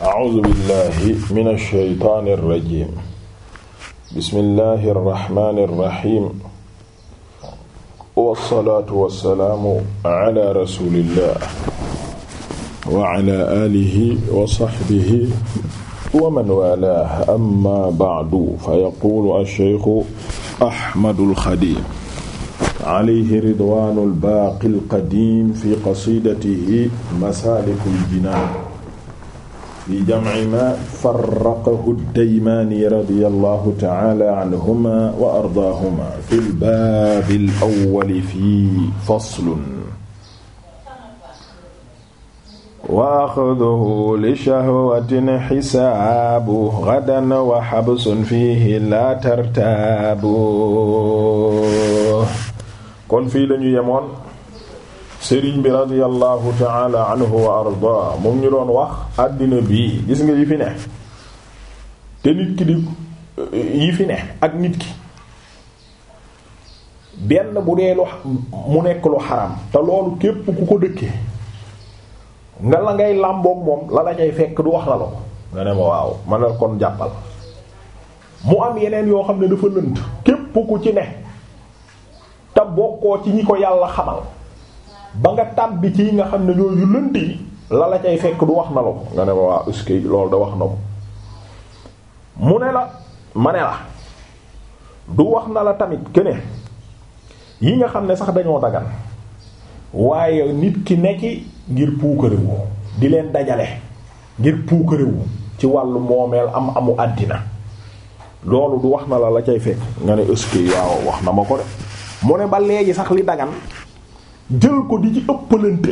a'uuzu billahi mina shaytaani rajiim bismillahi rahmaani rahiim wassalaatu wassalaamu ala rasulillah wa ala alihi wa sahbihi wa man waalaahu amma ba'du fa yaquulu ash-shaykhu Ahmadul Xadiim alayhi ridwaanul baaqil qadiim fi qasiidatihi masaalikul jinaan fi jam'i ma farraqahu ad-Daymaani radiyallahu ta'ala anhuma wa ardaahuma fil baabil awwal fi faslun wa axduhu li shahwatin xisaabu gadan wa xabsun fiihi laa tartaabu kon fii lañu yemoon sëriñ bi radiyallahu taala anhu wa arda moom ñu doon wax àddina bii gis nga yi fi ne te nit ki di yi fi ne ak nit ki benn bu dee lu mu nekk lu xaram te loolu képp ku ko dëkkee nga la ngay làmboog moom la la cay fekk du wax la la ko nga ne ma waaw ma ne kon jàppal mu am yeneen yoo xam ne dafa lënt képp ku ci ne te bokkoo ci ñi ko yàlla xamal ba nga tàbbi ci nga xam ne ñoo lënd la la cay fekk du wax na la ko nga ne ma waa uskay loolu da wax na ko mu la ma du wax na la tamit kene yi nga xam ne sax dañoo dagan waaye nit ki nekki ngir puukarewu di leen dajale ngir puukarewu ci wàllu moomeel am amu àddina loolu du wax na la la cay fekk nga ne uskay waaw wax na ma ko de mu ne ba léegi sax li dagan jël ko di ci ëppalante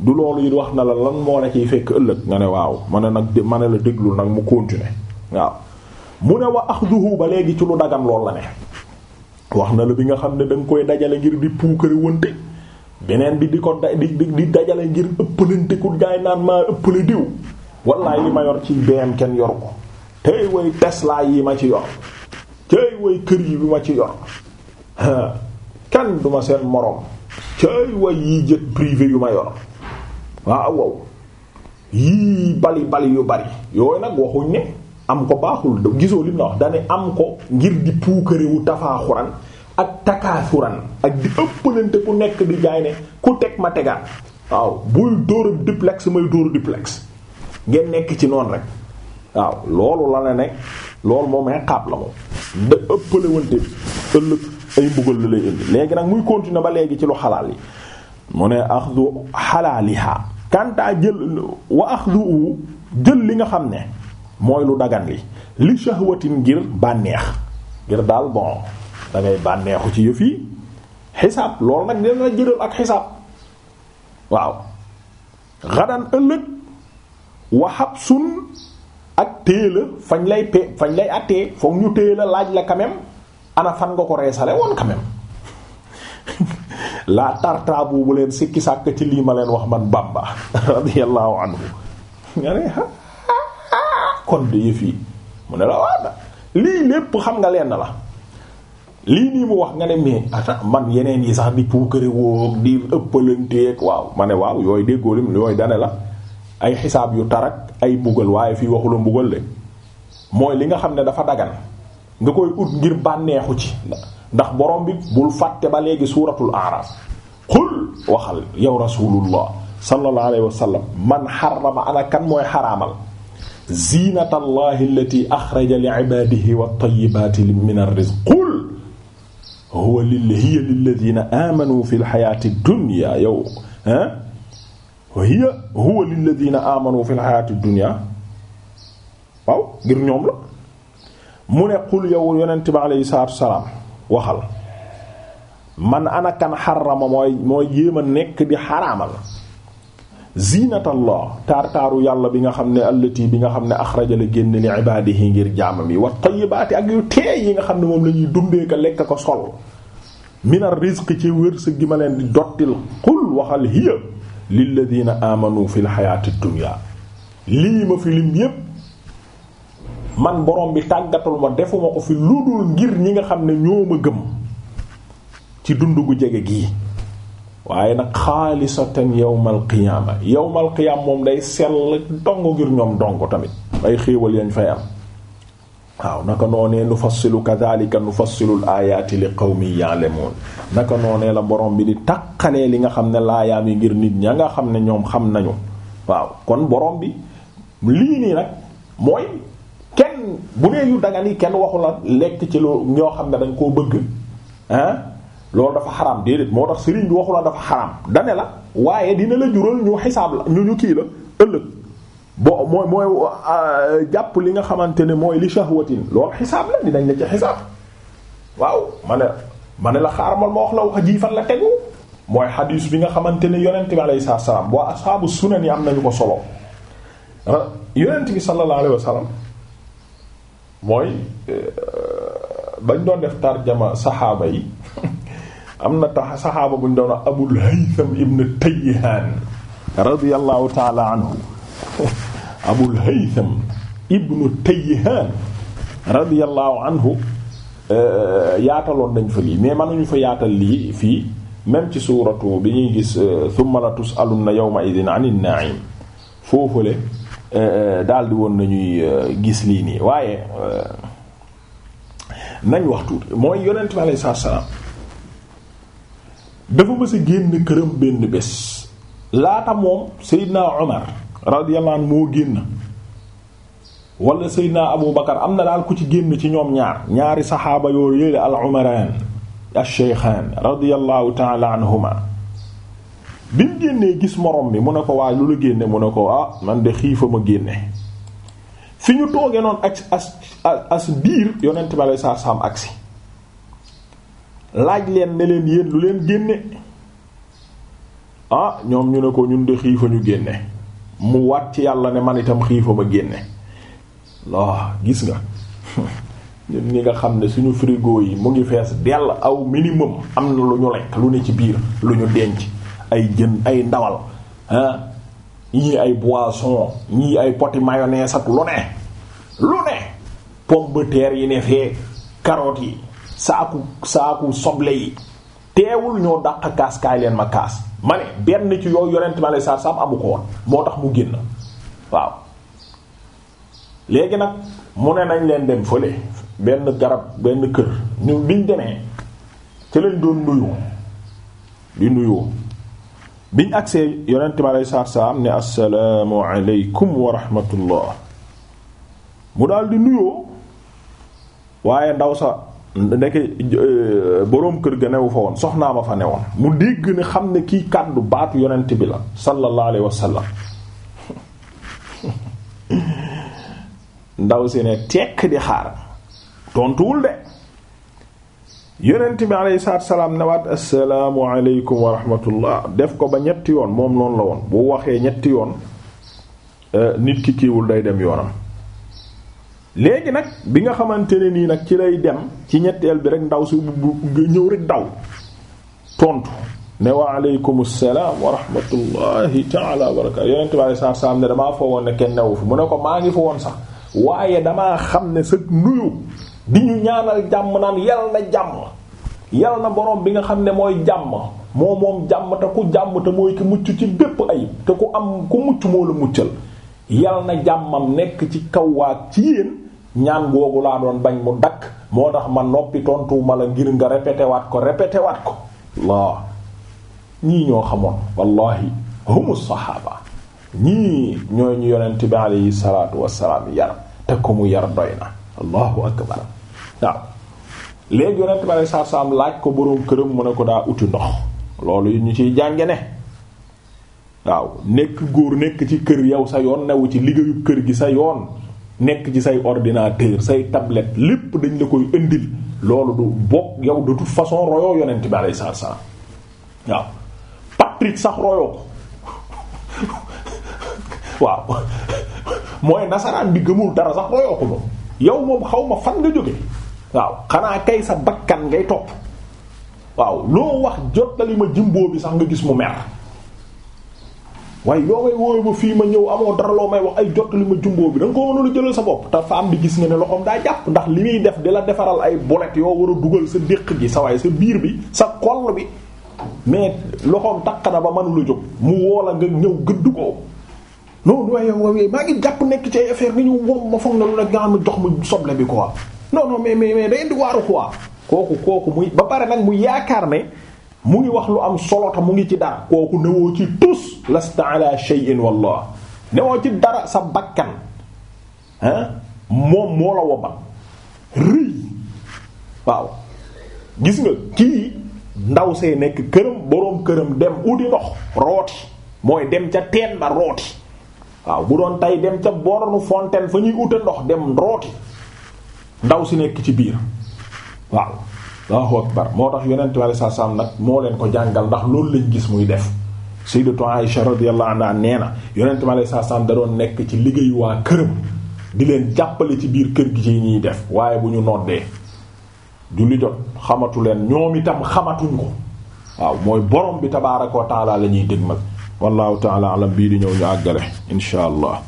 du loolu it wax na la lan moo la ciy fekk ëllëg nga ne waaw ma ne nag mane la déglu nag mu continuer waaw mu ne ax axduhu ba léegi ci lu dagan lool la ne wax na la bi nga xam ne da koy dajale ngir di puukare wënte beneen bi di ko da di di dajale ngir ëppalante ku gaay naan maa ëppale diw wallaay li ma yor ci BM kenn yor ko tey way Tesla yi ma ci yor tey way kër yi bu ma ci yor kenn duma seen moroom cay way yii jët privé yu ma waaw waaw yii bali bali yu bari yooyu nag waxuñ ne am ko baaxul gisoo lim na wax dane am ko ngir di puukarewu tafaaxuran ak takaasuran ak di ëppalante ku nekk di jaay ne ku teg ma tegaat waaw buy dóor duplex may dóor duplex ngeen nekk ci noonu rek waaw loolu la ne ne loolu moom xaab la moom da ëppalewante ëllëg ay mbugal la lay indi léegi nag muy continuer ba léegi ci lu xalaal yi mu ne axdu xalaaliha kantaa jël wa axdu jël li nga xam ne mooy lu dagan li li shahwatin ngir bànneex ngir daal bon da bànneexu ci yëf yi xisaab loolu nag dina la jëral ak xisaab waaw xadan ëllëg wa habsun ak téye la fañ lay pe fañ lay attee foog ñu téye la laaj la quand ana nga ko reesale woon quand même la tartaabu bu leen sikki sàkk ci lii ma leen wax man Bamba radiyallahu anhu nga ne kon de yi mu ne la waa lii lépp xam nga leen la lii nii mu wax nga ne mais attends man yeneen yi sax di puukare woog di ëppalanteeg waaw ma ne waaw yooyu déggoo lim yooyu dane la ay xisaab yu tarak ay mbugal waaye fii waxula mbugal de mooy li nga xam ne dafa dagan nga koy ut ngir bànneexu ci ndax borom bi bul fàtte ba léegi suuratul a'raf xul waxal yow rasulullah sallallahu alayhi wa sallam man xarama ana kan mooy xaraamal ziinata allahi allati axraja li ibadihi wa tayibaati min ar-rizq qul huwa hiya lilladina amanu fi lxayaati dunya yow ah hiya huwa lilladina amanu fi lxayaati dunya waaw ngir ñoom la mu ne qul yow yonent bi aleyhi salaatu salaam waxal man anakan xarama mooy mooy jéem nekk di xaraamal ziinatallah taar-taaru yàlla bi nga xam ne allati bi nga xam ne axraja la génn li ibaadihi ngir jaamam yi wa tayyibaati ak yu teey yi nga xam ne moom la ñuy dundee ka lekk ko sol minar rizq ci wérsëg gi ma leen di dottil qul waxal hiya lilladina amanu fil xayaati dunya lii ma fi yépp man borom bi tàggatul ma defuma ko fi lu dul ngir ñi nga xam ne ñoo ma gëm ci dund gu jege gii waaye nag xaalisatan yawmal qiyaama yawmal qiyaam moom day sell dong ngir ñoom dong tamit ay xéewal yañ fay am waaw naka noonee nufassilu kadhalika nufassilul aayaati li qawmin ya'lamuun naka noonee la borom bi di taqalee li nga xam ne laayaam yi ngir nit ña nga xam ne ñoom xam nañu waaw kon borom bi lii nii nag mooy kenn bu dee yu dagan yi kenn waxu la lekk ci loo ñoo xam ne dañ koo bëgg ah loolu dafa xaraam déedéet moo tax sëriñ bi waxu la dafa xaram dane la waaye dina la jural ñu xisaab la ñu ñu kii la ëllëg bo mooy mooy jàpp li nga xamante ne mooy li shahwatin loolu xisaab la dinañ la ci xisaab waaw ma ne ne la xaaramal ma wax la wax jii fan la tegu mooy xadiis bi nga xamante ne yonent bi alayhi salaam waa ashaabu sunan yi am nañu ko solo yonent bi sallallahu mooy euh, bañ doon def tarjama saxaaba yi am na tax saxaaba buñ doon wax Abul Haytham ibn Tayyihan radiyallahu taala anhu Abul Haytham ibn Tayyihan radiyallahu anhu euh, yaataloon nañ fa lii mais mënuñu fa yaatal lii fii même ci suuratu bi ñuy gis euh, thumma la tus'alunna yawma idin 'anil na'im foofule Euh, daldi woon nañuy euh, gis lii nii waaye euh, nañ waxtu tuuti mooy yonent bi alayhi salaam dafa mës a génn këram benn bés laata moom Seydina Omar radiyallahu anhu moo génn wala Seydina Abu Bakar am na daal ku ci génn ci ñoom ñaar ñaari saxaaba yoo yéele al umaraan al shaykhaan radiyallahu ta'ala anhuma bi mu génnee gis morom bi mu ne ko waaye lu la génne mu ne ko ah man de xiifa ma génne fi ñu toogee noonu ak as as biir yonent ma lay saa saam agsi laaj leen ne leen yéen lu leen génne ah ñoom ñu ne ko ñun di xiifa ñu génne mu wat ci yàlla ne man itam xiifa ma génne waa gis nga ñun ñi nga xam ne suñu frigo yi mu ngi fees dell aw minimum am na lu ñu lekk lu ne ci biir lu ñu denc ay jën ay ndawal ah ñii ay boisson ñii ay poti mayonnaise ak lu ne lu ne pomme de terre yi ne fee carottes yi saaku saaku soble yi teewul ñoo dàq kaas kaay leen ma kaas ma ne benn ci yooyu yonent ma lay saar saam amu ko moo tax mu génn waaw léegi nag mu ne nañ leen dem fële benn garab benn kër ñu biñ demee ci lañ doon nuyu di nuyoo biñ agsee yonent bi aleyhi salaatu salaam ne assalaamu aleykum wa rahmatullah mu daal di nuyoo waaye ndaw sa ndeke eh, boroom kër ga newu fa woon soxnaa ma fa ne woon mu dégg ne xam ne kii kàddu baatu yonent bi la sallallahu alayhi wa sallam ndaw si ne tekk di xaar tontuwul de yonent bi alayhi salaatu salaam ne waat assalaamu aleykum wa rahmatullah def ko ba ñetti yoon moom noonu la woon bu waxee ñetti yoon eh, nit ki kiiwul day dem yoonam léegi nag bi nga xamante ne nii nag ci lay dem ci ñetteel bi rek ndaw si bu ñëw rek daw tontu ne wa aleykum salaam wa rahmatullahi taala wa yonent bi alayhi salaatu salaam ne damaa foo woon ne kenn newu fi mu ne ko maa ngi fa woon sax waaye damaa xam ne sa nuyu di ñu ñaanal jàmm naan yal na jàmm yal na borom bi nga xam ne mooy jàmm moo moom jàmm te ku jàmm te mooy ki mucc ci bépp ay te ku am ku mucc moo la muccal yal na jàmmam nekk ci kaw waa ci yéen ñaan googu laa doon bañ mu dakk moo tax ma noppi tontuwuma la ngir nga répété waat ko répété waat ko laa ñii ñoo xamoon wallahi humu saxaaba ñii ñoo ñu yonent bi aleyhi salaatu wassalaam yar te ko mu yar doy na allahu akbar waaw léegi yonent bi alei satu salaam laaj ko boroom këram mu ne ko daa uti ndox loolu ñu ciy jànge ne waaw nekk góor nekk ci kër yow sa yoon newu ci liggéeyu kër gi sa yoon nekk ci say ordinateur say tablette lépp dañ la koy indil loolu du bokk yow de toute façon royoo yonent bi alei satu salaam waaw Patrick sax royoo ko waaw mooy nasaraan bi gëmul dara sax royoo ko moom yow moom xaw ma fan nga jóge waaw xanaa kay sa bakkan ngay topp waaw loo wax jottali ma jimboo bi sax nga gis mu mer waaye yoo may wooyu ma fii ma ñëw amoo dara loo may wax ay jottali ma jimboo bi da nga ko lu jëlal sa bopp te am bi gis nga ne loxoom daa jàpp ndax li muy def di la defaral ay bolet yoo war a dugal sa déq gi sa waay sa biir bi sa koll bi mais loxoom takk na ba lu jóg mu woola nga ñëw gëdd ko non waaye waaye maa ngi jàpp nekk ci ay affaire nga ñu wom ma foog na lu ne nga ma soble bi quoi non mais mais mais day indi waaru quoi kooku kooku muy ba pare nag mu yaakaar ne mu ngi wax lu am solo mu ngi ci dara kooku newoo ci tus lasta ala shay'in wallah newoo ci dara sa bakkan ah moom moo la wobal rëy waaw gis nga kii ndaw see nekk këram boroom këram dem uti ndox rooti mooy dem ca teen ba rooti waaw bu doon tay dem ca bornu fontaine fa ñuy uta ndox dem rooti ndaw si nekk ci biir waaw Allahu akbar moo tax yonent bi saa saam nag moo leen ko jàngal ndax loolu lañ gis muy def sayyidatu Aisha radiyallahu anha nee na yonent bi saa saam da doon nekk ci liggéeyu waa këram di leen jàppale ci biir kër gi ci ñuy def waaye bu ñu noddee julli jot xamatu leen ñoom itam xamatuñ ko waaw mooy borom bi tabaaraka wa taala la ñuy dégmal wallahu taala alam bii di ñëw ñu àggale insha